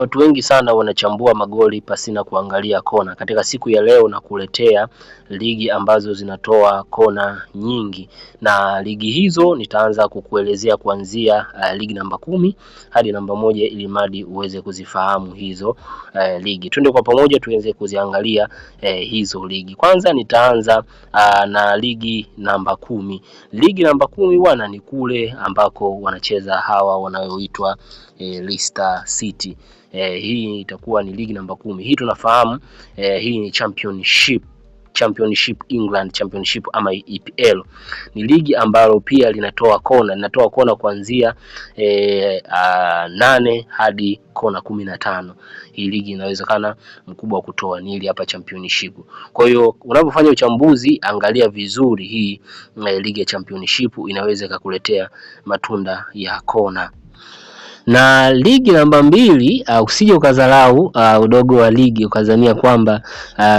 Watu wengi sana wanachambua magoli pasina kuangalia kona. Katika siku ya leo na kuletea ligi ambazo zinatoa kona nyingi, na ligi hizo nitaanza kukuelezea kuanzia uh, ligi namba kumi hadi namba moja ili mradi uweze kuzifahamu hizo uh, ligi. Twende kwa pamoja tuweze kuziangalia uh, hizo ligi. Kwanza nitaanza uh, na ligi namba kumi. Ligi namba kumi wana ni kule ambako wanacheza hawa wanayoitwa uh, Leicester City eh, hii itakuwa ni ligi namba kumi. Hii tunafahamu eh, hii ni championship Championship England Championship ama EPL ni ligi ambalo pia linatoa kona linatoa kona kuanzia e, nane hadi kona kumi na tano. Hii ligi inawezekana mkubwa wa kutoa ni ile hapa championship. Kwa hiyo unapofanya uchambuzi, angalia vizuri hii eh, ligi ya championship inaweza ikakuletea matunda ya kona na ligi namba mbili uh, usije ukadharau uh, udogo wa ligi ukazania kwamba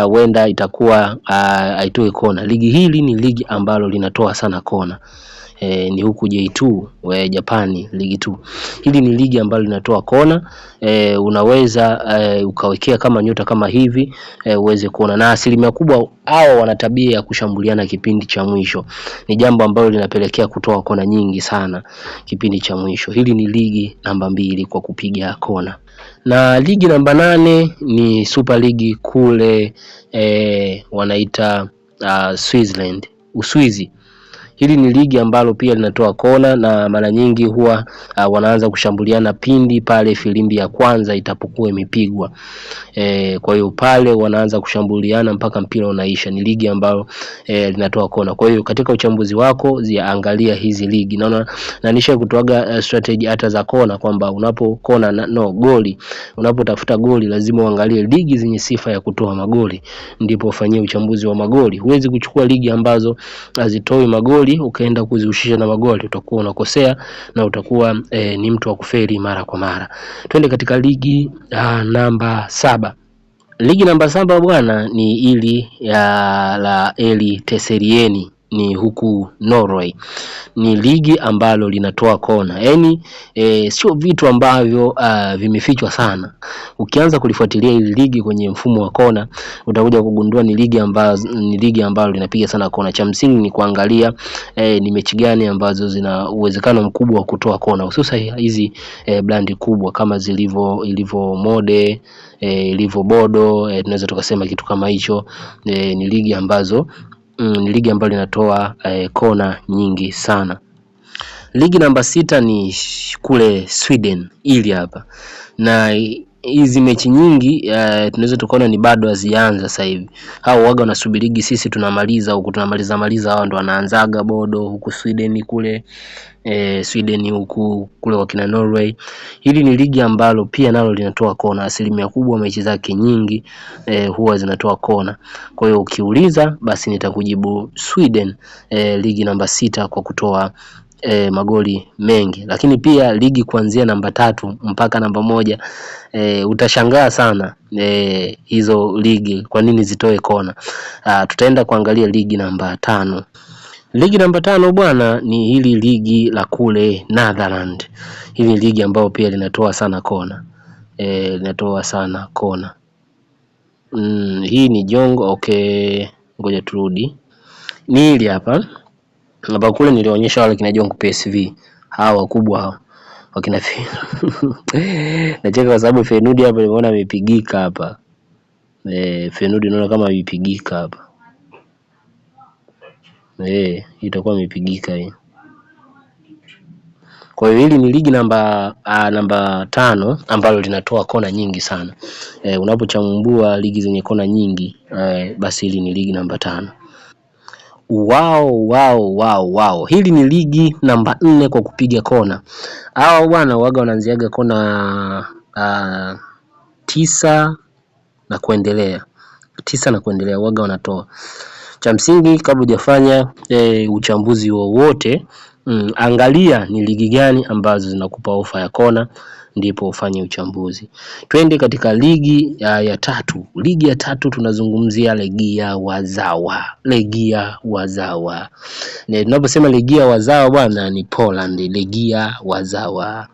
huenda uh, itakuwa uh, kona. Ligi hili ni ligi ambalo linatoa sana kona e, ni huku J2 e, eh, Japani ligi 2. Hili ni ligi ambalo linatoa kona e, unaweza e, ukawekea kama nyota kama hivi e, uweze kuona, na asilimia kubwa hao wana tabia ya kushambuliana kipindi cha mwisho, ni jambo ambalo linapelekea kutoa kona nyingi sana kipindi cha mwisho. Hili ni ligi namba mbili kwa kupiga kona, na ligi namba nane ni Super League kule e, wanaita uh, Switzerland Uswizi Hili ni ligi ambalo pia linatoa kona na mara nyingi huwa uh, wanaanza kushambuliana pindi pale filimbi ya kwanza itapokuwa imepigwa. E, kwa hiyo pale wanaanza kushambuliana mpaka mpira unaisha. Ni ligi ambalo e, linatoa kona. Kwa hiyo katika uchambuzi wako ziangalia hizi ligi. Naona na nisha kutoaga uh, strategy hata za kona kwamba unapo kona na, no goli, unapotafuta goli lazima uangalie ligi zenye sifa ya kutoa magoli ndipo ufanyie uchambuzi wa magoli. Huwezi kuchukua ligi ambazo hazitoi magoli magoli ukaenda kuzihusisha na magoli, utakuwa unakosea na utakuwa e, ni mtu wa kufeli mara kwa mara. Twende katika ligi a, ah, namba saba. Ligi namba saba bwana ni ili ya, ah, la Eli Teserieni ni huku Norway. Ni ligi ambalo linatoa kona, yaani e, sio vitu ambavyo uh, vimefichwa sana. Ukianza kulifuatilia hili ligi kwenye mfumo wa kona, utakuja kugundua ni ligi ambazo ni ligi ambalo linapiga sana kona. Cha msingi ni kuangalia e, ni mechi gani ambazo zina uwezekano mkubwa wa kutoa kona, hususan hizi e, brandi kubwa kama zilivyo ilivyo Mode e, ilivyo Bodo e, tunaweza tukasema kitu kama hicho e, ni ligi ambazo mm, ni ligi ambayo linatoa eh, kona nyingi sana. Ligi namba sita ni kule Sweden ili hapa na hizi mechi nyingi uh, tunaweza tukaona ni bado hazianza sasa hivi. Hao waga wanasubirigi sisi tunamaliza huku tunamaliza maliza, hao ndo wanaanzaga bodo huku Sweden kule eh, Sweden huku kule kina Norway. Hili ni ligi ambalo pia nalo linatoa kona, asilimia kubwa mechi zake nyingi eh, huwa zinatoa kona. Kwa hiyo ukiuliza, basi nitakujibu Sweden eh, ligi namba sita kwa kutoa e, magoli mengi, lakini pia ligi kuanzia namba tatu mpaka namba moja e, utashangaa sana e, hizo ligi kwa nini zitoe kona. A, ah, tutaenda kuangalia ligi namba tano. Ligi namba tano bwana ni hili ligi la kule Netherland. Hili ligi ambayo pia linatoa sana kona e, linatoa sana kona mm, hii ni jongo okay, ngoja turudi, ni hili hapa na bakuli nilionyesha wale kina Jongo PSV hawa wakubwa hawa wakina Fe- nacheka kwa sababu Fenudi hapa nimeona amepigika hapa e, Fenudi naona kama amepigika hapa eh, itakuwa amepigika hii. Kwa hiyo hili ni ligi namba a, ah, namba tano ambalo linatoa kona nyingi sana e, unapochambua ligi zenye kona nyingi e, basi hili ni ligi namba tano. Wao wao wao wao, hili ni ligi namba nne kwa kupiga kona. Hawa bwana waga wanaanziaga kona uh, tisa na kuendelea, tisa na kuendelea waga wanatoa. Cha msingi kabla hujafanya e, uchambuzi wowote Mm, angalia ni ligi gani ambazo zinakupa ofa ya kona ndipo ufanye uchambuzi. Twende katika ligi ya, ya tatu. Ligi ya tatu tunazungumzia ligi ya wazawa, ligi ya wazawa. tunaposema ligi ya wazawa bwana, ni Poland, ligi ya wazawa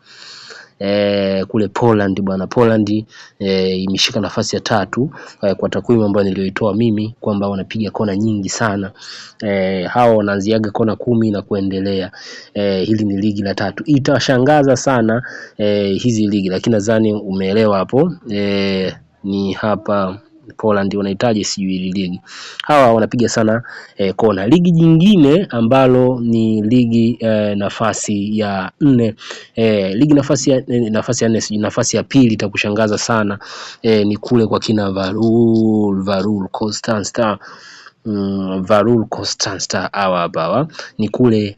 eh, kule Poland bwana. Poland eh, imeshika nafasi ya tatu eh, kwa takwimu ambayo nilioitoa mimi kwamba wanapiga kona nyingi sana eh, hawa wanaanziaga kona kumi na kuendelea eh, hili ni ligi la tatu. Itashangaza sana eh, hizi ligi, lakini nadhani umeelewa hapo eh, ni hapa Poland wanahitaji sijui hili ligi. Hawa wanapiga sana eh, kona. Ligi jingine ambalo ni ligi eh, nafasi ya nne eh, ligi nafasi ya eh, nafasi ya nne sijui nafasi ya pili itakushangaza sana eh, ni kule kwa kina Varul Varul mm, Varul Constanta hawa hapa ni kule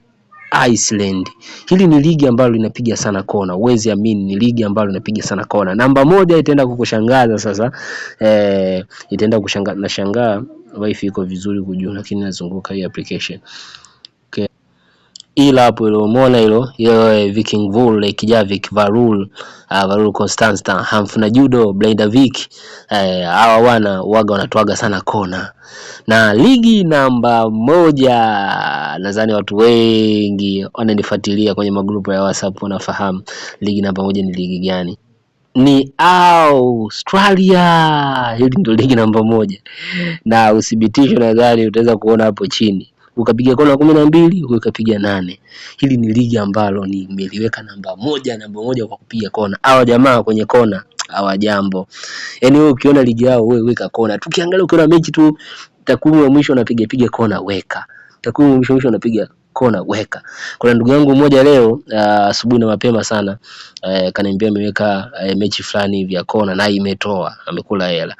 Iceland. Hili ni ligi ambalo linapiga sana kona, huwezi amini, ni ligi ambalo linapiga sana kona. Namba moja itaenda kukushangaza sasa eh, itaenda kushangaza. Nashangaa wifi iko vizuri kujua, lakini nazunguka hii application ila hapo ilomwona hilo yeye eh, Viking Vul eh, Kijavik Varul uh, Varul Constanta Hamf na Judo Blindavik eh, hawa uh, wana waga wanatwaga sana kona na ligi namba moja. Nadhani watu wengi wananifuatilia kwenye magrupu ya WhatsApp wanafahamu ligi namba moja ni ligi gani ni Australia. Hili ndio ligi namba moja, na uthibitisho nadhani utaweza kuona hapo chini ukapiga kona kumi na mbili ukapiga nane. Hili ni ligi ambalo nimeliweka namba moja, namba moja kwa kupiga kona. Hawa jamaa kwenye kona jambo Yaani wewe ukiona ligi yao wewe weka kona. Tukiangalia ukiona mechi tu takwimu ya mwisho unapiga piga kona weka. Takwimu mwisho mwisho unapiga kona weka. Kuna ndugu yangu mmoja leo ah, asubuhi na mapema sana uh, eh, kaniambia ameweka uh, mechi fulani vya kona na imetoa, amekula hela.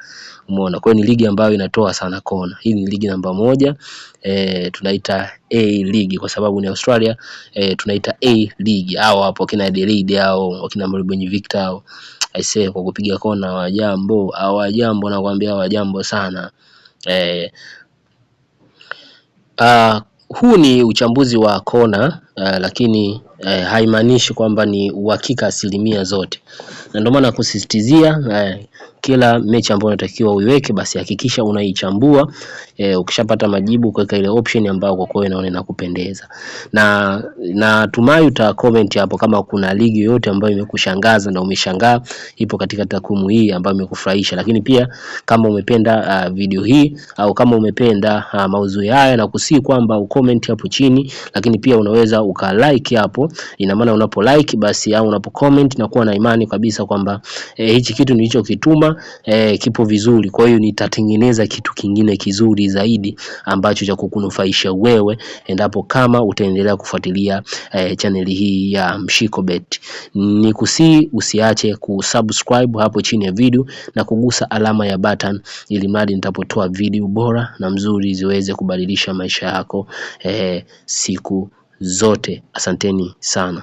Umeona? Kwa hiyo ni ligi ambayo inatoa sana kona. Hii ni ligi namba moja eh, tunaita A ligi kwa sababu ni Australia eh, tunaita A ligi. Hao hapo kina Adelaide au wakina Melbourne Victor I say kwa kupiga kona wajambo, wajambo nakwambia wajambo sana. Eh, Ah, huu ni uchambuzi wa kona ah, lakini eh, haimaanishi kwamba ni uhakika asilimia zote, na ndio maana kusisitizia eh, kila mechi ambayo unatakiwa uiweke basi hakikisha unaichambua eh, ukishapata majibu kuweka ile option ambayo kwa kweli inaona inakupendeza. Na natumai uta comment hapo kama kuna ligi yoyote ambayo imekushangaza na umeshangaa ipo katika takwimu hii ambayo imekufurahisha, lakini pia kama umependa uh, video hii au kama umependa uh, ah, mauzo haya na kusii kwamba ucomment hapo chini, lakini pia unaweza ukalike hapo Ina maana unapo like basi au unapo comment na kuwa na imani kabisa kwamba e, hichi kitu nilichokituma e, kipo vizuri, kwa hiyo nitatengeneza kitu kingine kizuri zaidi ambacho cha kukunufaisha wewe, endapo kama utaendelea kufuatilia e, eh, chaneli hii ya Mshiko Bet. Nikusi usiache kusubscribe hapo chini ya video na kugusa alama ya button, ili mradi nitapotoa video bora na mzuri ziweze kubadilisha maisha yako e, siku zote asanteni sana.